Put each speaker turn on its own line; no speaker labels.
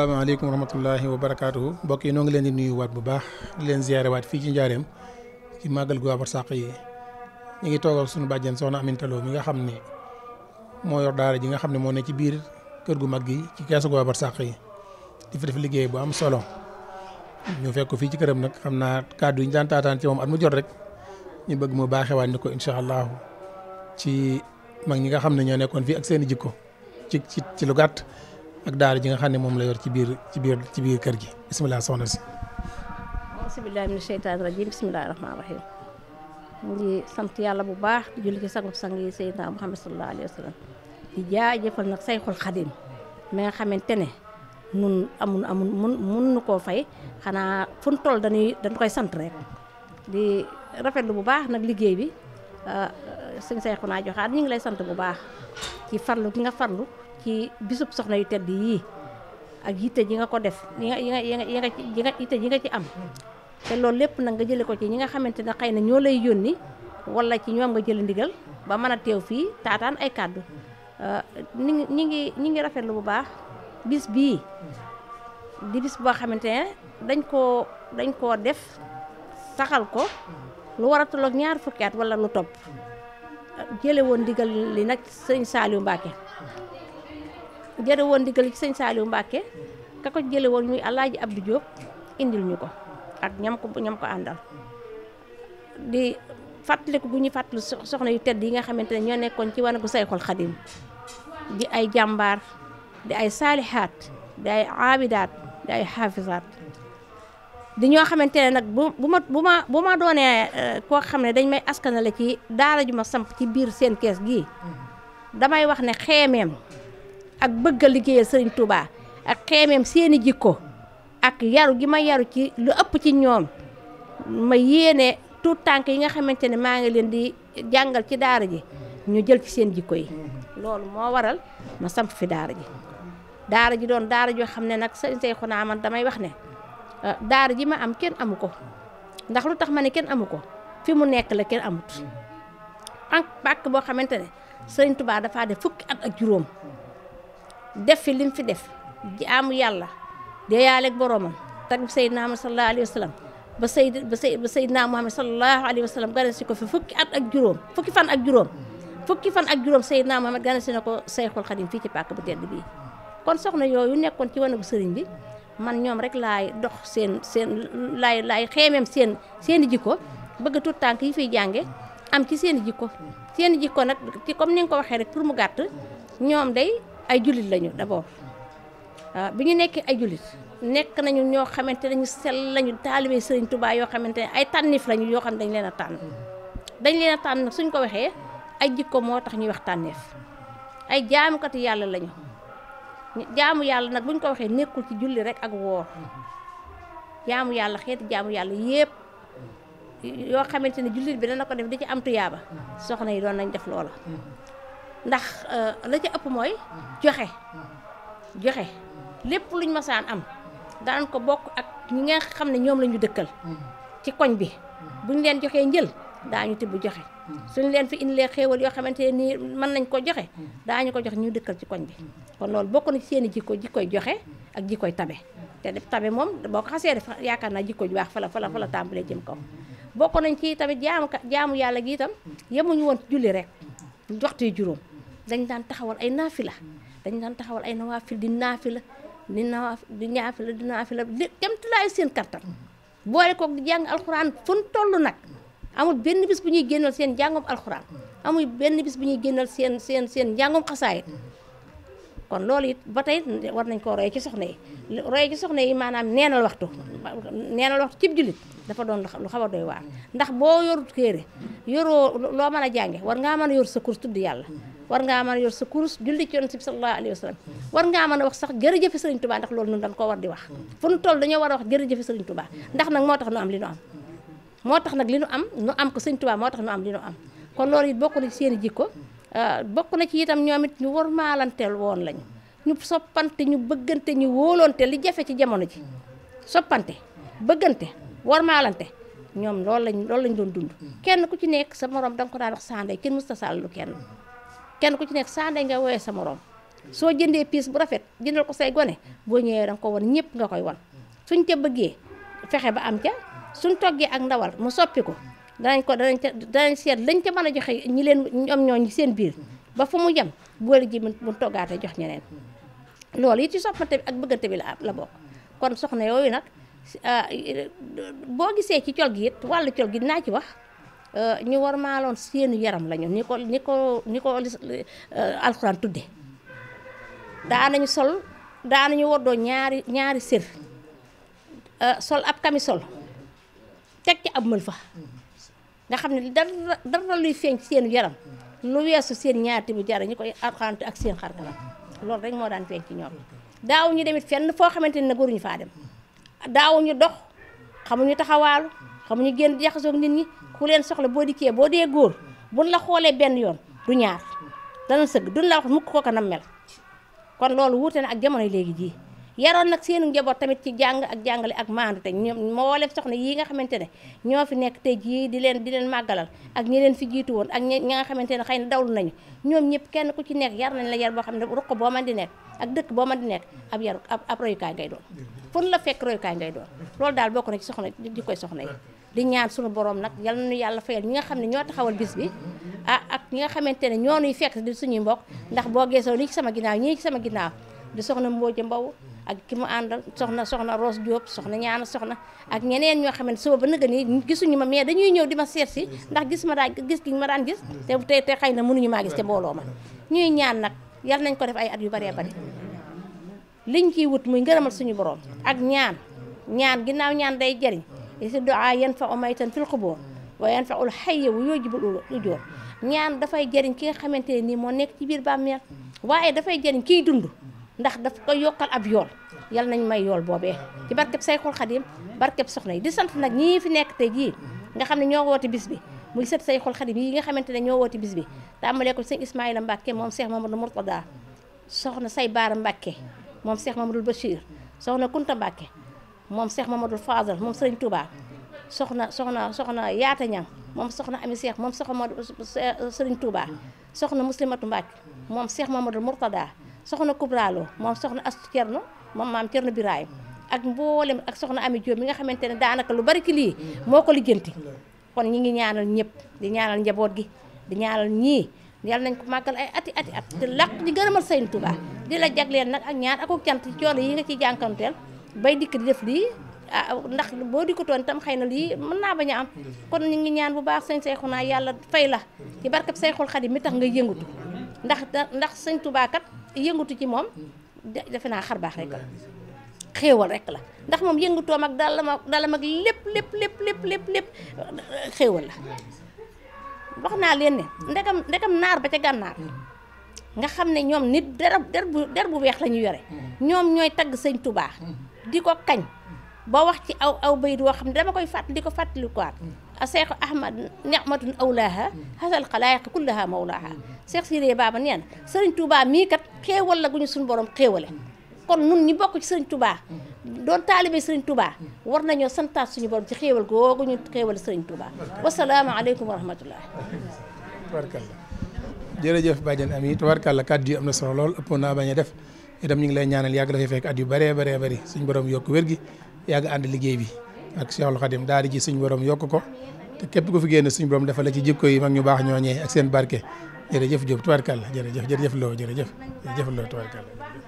asalaamaaleykum wa rahmatullahi wa barakaatu mbokk yi noo ngi leen di nuyu waat bu baax leen ziyaare waat fii ci njaareem ci màggal gu Wabar Sàq yi ñu ngi toogal suñu bàjjen soxna Aminta Lo mi nga xam ne moo yor daara ji nga xam ne moo ne ci biir kër gu mag gi ci keesu gu Wabar Sàq yi di fi def liggéey bu am solo ñu fekk ko fii ci këram nag xam naa kàddu yi ñu daan taataan ci moom at mu jot rek ñu bëgg mu baaxewaat ni ko incha allahu ci mag ñi nga xam ne ñoo nekkoon fii ak seen jikko ci ci ci lu gàtt ak daara ji nga xam ne moom la yor ci biir ci biir ci biir kër gi bisimilah soxna si.
bisimilah min seytaani rajim bisimilah rahmaani rahim mu sant yàlla bu baax di julli ci sangu sang yi Seydina Muhammad sallallahu alayhi wa sallam di jaajëfal nag sayxul xadim mi nga xamante ne nun amun amun mun mun koo fay xanaa fu nu toll dañuy dañ koy sant rek di rafetlu bu baax nag liggéey bi ah, ah, sëñ sayxu naa joxaat ñu ngi lay sant bu baax ci farlu gi nga farlu. ci bisub soxna yu tedd yii ak yitte ji nga ko def yi nga yi nga yi nga yi nga yitte ci am te loolu lépp nag nga jële ko ci ñi nga xamante ne xëy na ñoo lay yónni walla ci ñoom nga jële ndigal ba mën a teew fii taataan ay kàddu euh, ñi ngi ñi ngi rafet ngi bu baax bis bii di bis boo xamante ne dañ koo dañ koo def saxal ko lu war a tolloog ñaar fukki at wala lu topp jële woon ndigal li nag sëñ Saliou mbaake jëre woon ndigal ci sëñ Saliou Mbacke ka ko jële woon muy Alaaji Abdou Diop indil ñu ko ak ñam ko ñam ko àndal di fàttaliku gu ñu fàttali soxna yu tedd yi nga xamante ne ñoo nekkoon ci wanagu Sayxul Xadim di ay jàmbaar di ay saalihaat di ay aabidaat di ay xaafisaat di ñoo xamante ne nag bu bu ma bu ma bu ma doonee eh, koo xam ne dañ may askanale ci daara ju ma samp ci biir seen kees gii damay wax ne xeemeem ak bëgg a liggéeyal sëriñ Touba ak xeemeem seeni jikko ak yaru gi ma yaru ci lu ëpp ci ñoom ma yéene tout tànk yi nga xamante ne maa ngi leen di jàngal ci daara ji ñu jël ci seen jikko yi loolu moo waral ma samp fi daara ji daara ji doon daara joo xam ne nag sëñ Seexuna man damay wax ne ah, daara ji ma am kenn amu ko ndax lu tax ma ne kenn amu ko fi mu nekk la kenn amut ak pàkk boo xamante ne sëriñ Touba dafa def fukki at ak juróom def fi lim fi def jaamu yàlla dee yaaleeg boromam tag Seydina Muhammad sallallahu alayhi wa sallam ba Seyd ba Seyd naa Seydina Muhammad sallallahu alayhi wa sallam si ko fi fukki at ak juróom fukki fan ak juróom fukki fan ak juróom Seydina Muhammad gane si na ko Seyxul Xadim fii ci pàkk bu tedd bii kon soxna yooyu nekkoon ci wanagu sëriñ bi man ñoom rek laay dox seen seen laay laay xeemeem seen seeni jikko bëgg tut tànk yi fiy jànge am ci seen jikko seen i nag ci comme ni nga ko waxee rek pour mu gàtt ñoom day ay jullit lañu d'abord waaw ah, bi ñu nekkee ay jullit nekk nañu ñoo xamante ne ñu sell lañu taalibe Sëriñ Tuubaa yoo xamante ne ay tànnif lañu yoo xam dañ leen a tànn dañ leen a tànn nag suñ ko waxee ay jikko moo tax ñuy wax tànneef ay jaamukati yàlla lañu jaamu yàlla nag buñ ko waxee nekkul ci julli rek ak woor jaamu yàlla xeeti jaamu yàlla yépp yoo xamante ne jullit bi dana ko def di ci am tuyaaba soxna yi doon nañ def loola ndax euh, la ca ëpp mooy joxe joxe lépp luñ masaan am daan ko bokk ak ñi nga xam ne ñoom la ñu dëkkal ci koñ bi buñ leen joxee njël daañu tibb joxe suñ leen fi indilee xéewal yoo xamante nii mën nañ ko joxe daañu ko joxe ñu dëkkal ci koñ bi kon loolu bokk na ci seen i jikko jikkoy joxe ak jikkoy tabe te def tabe moom boo ko xasee def yaakaar naa jikko ju baax fala fala fala tàmbalee jëm kaw bokk nañ ci tamit jaamu jaamu yàlla gi itam yemuñu woon julli rek waxtu juróom dañ daan taxawal ay naafi la dañ daan taxawal ay nawaafil di naafila di nawaaf di ñaafila di naafila di kemtilaay seen kattan boole koog di jàng alxuraan fu ñu toll nag amul benn bis bu ñuy génnal seen njàngum alxuraan amul benn bis bu ñuy génnal seen seen seen njàngum xasaayit kon loolu it ba tey war nañ koo roye ci soxna yi roye ci soxna yi maanaam neenal waxtu neenal waxtu cib jullit dafa doon lu xaw a doy waar ndax boo yorut téere yoroo loo mën a jànge war ngaa mën a yor sa cours tudd yàlla war ngaa mën a yor sa kurus julli ci yonent bi sallallahu alayhi war ngaa mën a wax sax jërëjëfe sëriñ Tuubaa ndax loolu nun dañ ko war di wax fu nu toll dañoo war a wax jërëjëfe sëriñ Tuubaa ndax nag moo tax nu am li nu am moo tax nag li nu am nu am ko sëriñ Tuubaa moo tax nu am li nu am kon loolu it bokk na ci seen jikko euh, bokk na ci itam ñoom it ñu war maalanteel woon lañu ñu soppante ñu bëggante ñu wóolonte li jafe ci jamono ji soppante bëggante war maalante ñoom loolu lañ loolu lañ doon dund kenn ku ci nekk sa morom da ko daan wax kenn musta sàll lu kenn kenn ku ci nekk saa ndey nga woowee sa morom soo jëndee piis bu rafet jëndal ko say gone boo ñëwee da ko wan ñëpp nga koy wan suñ ca bëggee fexe ba am ca suñ toggee ak ndawal mu soppi ko danañ ko danañ ca danañ seet lañ ca mën a joxe ñi leen ñoom ñooñu seen biir ba fu mu yem boole toggaate jox ñeneen loolu it ci soppante bi ak bëggante bi la la bokk kon soxna yooyu nag ah, boo gisee ci col gi it wàllu col gi naa ci wax Euh, ñu war maaloon seenu yaram lañu ni ko ni ko ni ko euh, alxuraan tudde daanañu sol daanañu woddoo ñaari ñaari sér euh, sol ab kamisol teg ci ab mël fa nga xam ne dara dara luy feeñ seenu yaram lu weesu seen ñaati bu jara ñu koy arxante ak seen xar kanam loolu rek moo daan feeñ ci ñoom daaw ñu demit fenn foo xamante ne nag faa dem daaw ñu dox xamuñu taxawaalu xamuñu génn jaxasoo nit ñi ku leen soxla boo dikkee boo dee góor buñ la xoolee benn yoon du ñaar dana sëgg duñ la wax mukk ko ko nam kon loolu wuute na ak jamono léegi jii yaroon nag seen njaboot tamit ci jàng ak jàngale ak maandu te ñoom mboolem soxna yii nga xamante ne ñoo fi nekk tey jii di leen di leen màggalal ak ñi leen fi jiitu woon ak ñi nga xamante ne xëy na dawlu nañu ñoom ñëpp kenn ku ci nekk yar nañ la yar boo xam ne ruq boo man di nekk ak dëkk boo man di nekk ab yar ab royukaay ngay doon fu la fekk royukaay ngay doon loolu daal bokk na ci soxna di koy soxna yi di ñaan suñu borom nag yal nañu yàlla fayal ñi nga xam ne ñoo taxawal bis bi ah ak ñi nga xamante ne ñoo nuy fekk di suñuy mbokk ndax boo geesoo nii ci sama ginnaaw ñii ci sama ginnaaw di soxna Mbodj Mbow ak ki mu àndal soxna soxna Rose Diop soxna ñaana soxna ak ñeneen ñoo xam ne suba ba nëga nii gisuñu ma mais dañuy ñëw di ma seet si ndax gis ma daan gis gi ma daan gis te te te xëy na mënuñu maa gis te mbooloo ma ñuy ñaan nag yal nañ ko def ay at yu baree bari liñ ciy wut muy ngërëmal suñu borom ak ñaan ñaan ginnaaw ñaan day jariñ si doa yan fa omaytan fil xubóor waaye yan fa ul xayye wu yoojibul ujoor ñaan dafay jëriñ ki nga xamante ne nii moo nekk ci biir bàmmeel waaye dafay jëriñ kiy dund ndax daf ko yokkal ab yool yal nañ may yool boobee ci barkeb Sayxul Xadim barkeb soxna yi di sant nag ñii fi nekk tey jii nga xam ne ñoo woote bi muy sët Sayxul Xadim yi nga xamante ne ñoo woote bis bi tàmbalee ko sëñ Ismaïla Mbàkke moom seex ma Cheikh Mamadou Mourtada soxna say Baara Mbàkke moom seex ma Mamadou Bachir soxna Kunta Mbàkke moom seex ma Mamadou Fadal moom Serigne Touba soxna soxna soxna Yaata Ñang moom soxna Ami Cheikh moom soxna Mamadou Serigne Touba soxna Muslimatu Mbacke moom Cheikh Mamadou Mourtada soxna Kubra moom soxna Astu Cerno moom maam Cerno Birahim ak mboolem ak soxna Ami Diop mi nga xamante ne daanaka lu bari ki lii moo ko lijjanti kon ñi ngi ñaanal ñëpp di ñaanal njaboot gi di ñaanal ñii yàlla nañ ko màggal ay ati ati at te làq di gërëmal Serigne Touba di la jagleel nag ak ñaar ak cant coono yi nga ciy bay dikk di def lii ah ndax boo dikkutoon tam xëy na lii mën naa bañ a am kon ñu ngi ñaan bu baax sëñ Seexuna yàlla fay la ci barkab Seexul Xadim mi tax nga yëngatu ndax ndax sëñ Tuubaa yëngatu ci moom defe naa xar baax rek la xéewal rek la ndax moom yëngatoom mag dalam ak dalam ak lépp lépp lépp lépp lépp lépp xéewal la wax naa leen ne ndegam ndegam naar ba ca gànnaar nga xam ne ñoom nit der bu der bu weex la ñu yore mm-hmm. ñoom ñooy tagg sëñ Tuubaa mm-hmm. di ko kañ ba wax ci aw aw bayit woo xam ne dama koy fàtt di ko fàttali quoi a mm. seexu ahmad nicmatun awlaaha hasal xalaayiq kullaha mawlaaha seex mm. siré baaba nee na sëriñ Touba mii kat xéewal la gu ñu suñu borom xéewale mm. kon nun ñi bokk ci sëriñ tubaa doon taalibe sëriñ Touba war nañoo santaat suñu borom ci xéewal googu ñu xéewal sëriñ tubaa wasalaamu aleykum wa rahmatullah
tabarkalla jërëjëf bàjjen am na solo lool ëppoon naa bañ def itam ñu ngi lay ñaanal yàgg dafay fekk at yu bëree bëree bëri suñ borom yokk wér gi yàgg liggéey bi ak Cheikhul Khadim daal di ji suñ borom yokk ko te képp ku fi génn suñ borom dafa la ci jikko yi mag ñu baax ñooñee ak seen barke jërëjëf Diop tubaarkàlla jërëjëf jërëjëf Lo jërëjëf jërëjëf Lo tubaarkàlla